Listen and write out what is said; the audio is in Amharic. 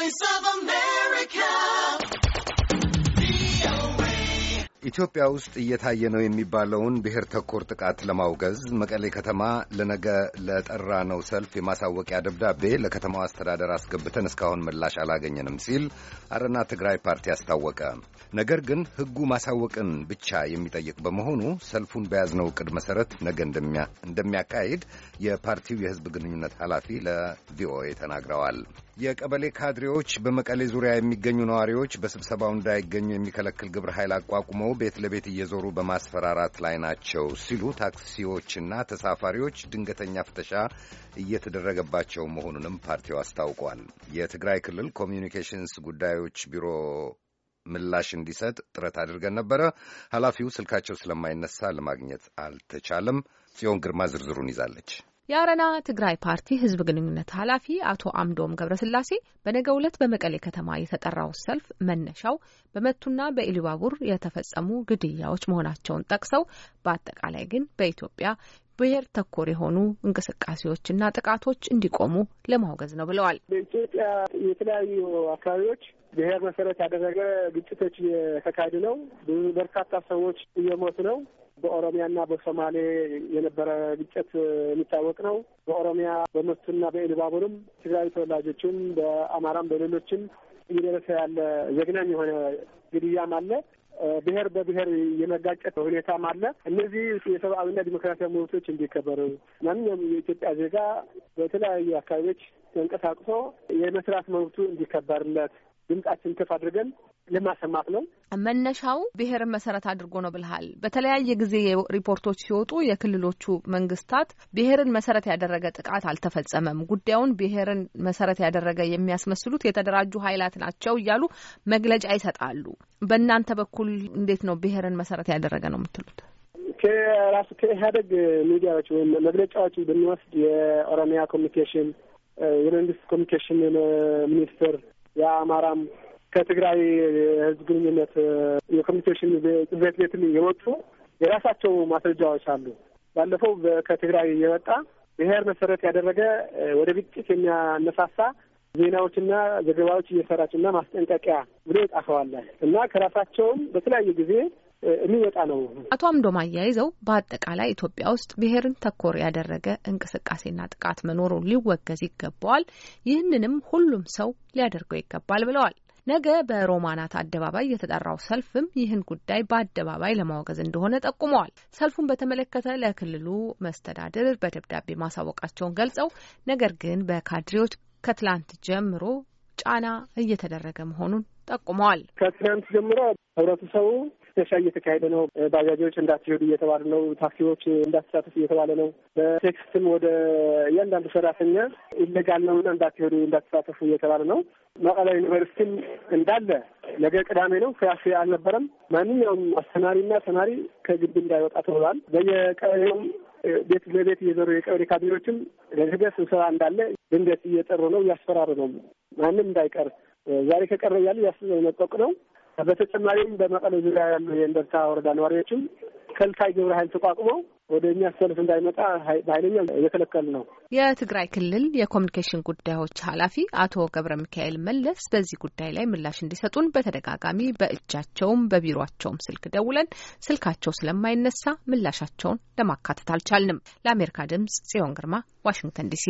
Voice of America ኢትዮጵያ ውስጥ እየታየ ነው የሚባለውን ብሔር ተኮር ጥቃት ለማውገዝ መቀሌ ከተማ ለነገ ለጠራ ነው ሰልፍ የማሳወቂያ ደብዳቤ ለከተማው አስተዳደር አስገብተን እስካሁን ምላሽ አላገኘንም ሲል አረና ትግራይ ፓርቲ አስታወቀ። ነገር ግን ሕጉ ማሳወቅን ብቻ የሚጠይቅ በመሆኑ ሰልፉን በያዝነው ዕቅድ መሰረት ነገ እንደሚያካሂድ የፓርቲው የሕዝብ ግንኙነት ኃላፊ ለቪኦኤ ተናግረዋል። የቀበሌ ካድሬዎች በመቀሌ ዙሪያ የሚገኙ ነዋሪዎች በስብሰባው እንዳይገኙ የሚከለክል ግብረ ኃይል አቋቁመው ቤት ለቤት እየዞሩ በማስፈራራት ላይ ናቸው ሲሉ ታክሲዎችና ተሳፋሪዎች ድንገተኛ ፍተሻ እየተደረገባቸው መሆኑንም ፓርቲው አስታውቋል። የትግራይ ክልል ኮሚዩኒኬሽንስ ጉዳዮች ቢሮ ምላሽ እንዲሰጥ ጥረት አድርገን ነበረ። ኃላፊው ስልካቸው ስለማይነሳ ለማግኘት አልተቻለም። ጽዮን ግርማ ዝርዝሩን ይዛለች። የአረና ትግራይ ፓርቲ ህዝብ ግንኙነት ኃላፊ አቶ አምዶም ገብረስላሴ በነገ ዕለት በመቀሌ ከተማ የተጠራው ሰልፍ መነሻው በመቱና በኢሉባቡር የተፈጸሙ ግድያዎች መሆናቸውን ጠቅሰው በአጠቃላይ ግን በኢትዮጵያ ብሔር ተኮር የሆኑ እንቅስቃሴዎችና ጥቃቶች እንዲቆሙ ለማውገዝ ነው ብለዋል። በኢትዮጵያ የተለያዩ አካባቢዎች ብሔር መሰረት ያደረገ ግጭቶች እየተካሄዱ ነው። ብዙ በርካታ ሰዎች እየሞቱ ነው። በኦሮሚያና በሶማሌ የነበረ ግጭት የሚታወቅ ነው። በኦሮሚያ በመቱና በኢሉባቡርም ትግራዊ ተወላጆችም በአማራም በሌሎችም እየደረሰ ያለ ዘግናኝ የሆነ ግድያም አለ። ብሔር በብሔር የመጋጨት ሁኔታም አለ። እነዚህ የሰብአዊና ዲሞክራሲያዊ መብቶች እንዲከበሩ ማንኛውም የኢትዮጵያ ዜጋ በተለያዩ አካባቢዎች ተንቀሳቅሶ የመስራት መብቱ እንዲከበርለት ድምጻችን ከፍ አድርገን ለማሰማት ነው። መነሻው ብሔርን መሰረት አድርጎ ነው ብልሃል። በተለያየ ጊዜ ሪፖርቶች ሲወጡ የክልሎቹ መንግስታት ብሔርን መሰረት ያደረገ ጥቃት አልተፈጸመም፣ ጉዳዩን ብሔርን መሰረት ያደረገ የሚያስመስሉት የተደራጁ ኃይላት ናቸው እያሉ መግለጫ ይሰጣሉ። በእናንተ በኩል እንዴት ነው ብሔርን መሰረት ያደረገ ነው የምትሉት? ከራሱ ከኢህአደግ ሚዲያዎች ወይም መግለጫዎች ብንወስድ የኦሮሚያ ኮሚኒኬሽን የመንግስት ኮሚኒኬሽን ሚኒስትር የአማራም ከትግራይ ህዝብ ግንኙነት የኮሚኒኬሽን ጽሕፈት ቤትም የወጡ የራሳቸው ማስረጃዎች አሉ። ባለፈው ከትግራይ የወጣ ብሔር መሰረት ያደረገ ወደ ግጭት የሚያነሳሳ ዜናዎችና ዘገባዎች እየሰራችና ማስጠንቀቂያ ብሎ ይጣፈዋል እና ከራሳቸውም በተለያየ ጊዜ የሚወጣ ነው። አቶ አምዶም አያይዘው በአጠቃላይ ኢትዮጵያ ውስጥ ብሔርን ተኮር ያደረገ እንቅስቃሴና ጥቃት መኖሩን ሊወገዝ ይገባዋል፣ ይህንንም ሁሉም ሰው ሊያደርገው ይገባል ብለዋል። ነገ በሮማናት አደባባይ የተጠራው ሰልፍም ይህን ጉዳይ በአደባባይ ለማወገዝ እንደሆነ ጠቁመዋል። ሰልፉን በተመለከተ ለክልሉ መስተዳድር በደብዳቤ ማሳወቃቸውን ገልጸው ነገር ግን በካድሬዎች ከትላንት ጀምሮ ጫና እየተደረገ መሆኑን ጠቁመዋል። ከትናንት ጀምሮ ህብረተሰቡ ፍተሻ እየተካሄደ ነው። ባጃጆች እንዳትሄዱ እየተባለ ነው። ታክሲዎች እንዳትሳተፍ እየተባለ ነው። በቴክስትም ወደ እያንዳንዱ ሰራተኛ ኢለጋል ነውና እንዳትሄዱ እንዳትሳተፉ እየተባለ ነው። መቀለ ዩኒቨርሲቲም እንዳለ ነገ ቅዳሜ ነው። ክላስ አልነበረም። ማንኛውም አስተማሪና ተማሪ ከግቢ እንዳይወጣ ተብሏል። በየቀበሌውም ቤት ለቤት እየዞሩ የቀበሌ ካድሬዎችም ለነገ ስብሰባ እንዳለ ድንገት እየጠሩ ነው፣ እያስፈራሩ ነው። ማንም እንዳይቀር ዛሬ ከቀረ እያሉ ያስጠነቀቁ ነው። በተጨማሪም በመቀሌ ዙሪያ ያሉ የእንደርታ ወረዳ ነዋሪዎችም ከልካይ ግብረ ኃይል ተቋቁመው ወደ እኛ ሰልፍ እንዳይመጣ በኃይለኛ እየከለከሉ ነው። የትግራይ ክልል የኮሚኒኬሽን ጉዳዮች ኃላፊ አቶ ገብረ ሚካኤል መለስ በዚህ ጉዳይ ላይ ምላሽ እንዲሰጡን በተደጋጋሚ በእጃቸውም በቢሮቸውም ስልክ ደውለን ስልካቸው ስለማይነሳ ምላሻቸውን ለማካተት አልቻልንም። ለአሜሪካ ድምጽ ጽዮን ግርማ ዋሽንግተን ዲሲ